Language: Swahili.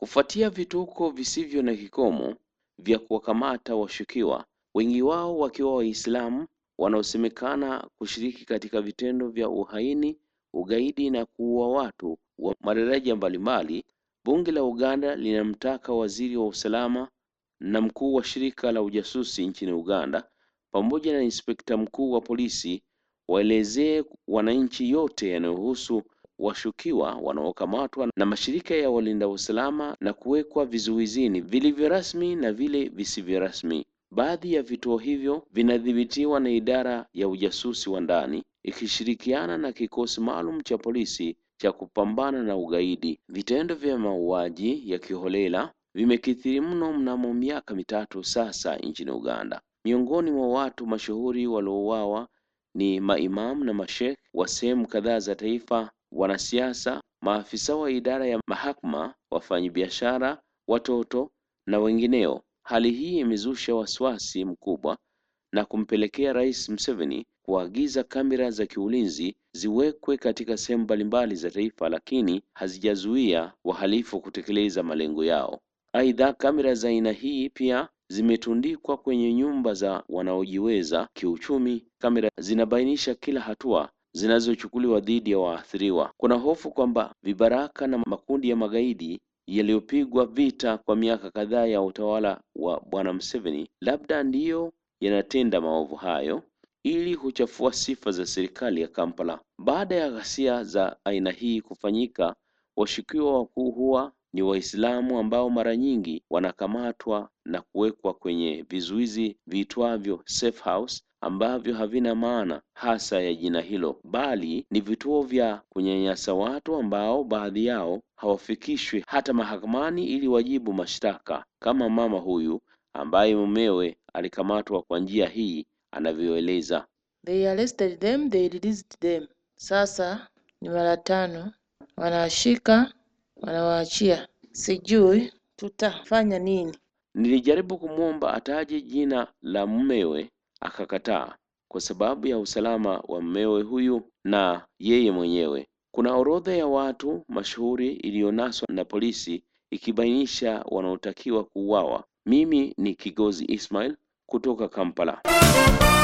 kufuatia vituko visivyo na kikomo vya kuwakamata washukiwa, wengi wao wakiwa Waislamu wanaosemekana kushiriki katika vitendo vya uhaini, ugaidi na kuua watu wa madaraja mbalimbali, bunge la Uganda linamtaka waziri wa usalama na mkuu wa shirika la ujasusi nchini Uganda pamoja na inspekta mkuu wa polisi waelezee wananchi yote yanayohusu washukiwa wanaokamatwa na mashirika ya walinda usalama na kuwekwa vizuizini vilivyo rasmi na vile visivyo rasmi. Baadhi ya vituo hivyo vinadhibitiwa na idara ya ujasusi wa ndani ikishirikiana na kikosi maalum cha polisi cha kupambana na ugaidi. Vitendo vya mauaji ya kiholela vimekithiri mno mnamo miaka mitatu sasa nchini Uganda. Miongoni mwa watu mashuhuri waliouawa ni maimamu na mashekh wa sehemu kadhaa za taifa wanasiasa, maafisa wa idara ya mahakama, wafanyabiashara, watoto na wengineo. Hali hii imezusha wasiwasi mkubwa na kumpelekea Rais Museveni kuagiza kamera za kiulinzi ziwekwe katika sehemu mbalimbali za taifa, lakini hazijazuia wahalifu kutekeleza malengo yao. Aidha, kamera za aina hii pia zimetundikwa kwenye nyumba za wanaojiweza kiuchumi. Kamera zinabainisha kila hatua zinazochukuliwa dhidi ya waathiriwa. Kuna hofu kwamba vibaraka na makundi ya magaidi yaliyopigwa vita kwa miaka kadhaa ya utawala wa Bwana Museveni labda ndiyo yanatenda maovu hayo ili huchafua sifa za serikali ya Kampala. Baada ya ghasia za aina hii kufanyika, washukiwa wakuu huwa ni Waislamu ambao mara nyingi wanakamatwa na kuwekwa kwenye vizuizi viitwavyo safe house ambavyo havina maana hasa ya jina hilo, bali ni vituo vya kunyanyasa watu ambao baadhi yao hawafikishwi hata mahakamani ili wajibu mashtaka, kama mama huyu ambaye mumewe alikamatwa kwa njia hii anavyoeleza. They arrested them, they released them. Sasa ni mara tano wanawashika, wanawaachia, sijui tutafanya nini. Nilijaribu kumwomba ataje jina la mumewe akakataa kwa sababu ya usalama wa mmewe huyu na yeye mwenyewe. Kuna orodha ya watu mashuhuri iliyonaswa na polisi ikibainisha wanaotakiwa kuuawa. Mimi ni Kigozi Ismail kutoka Kampala.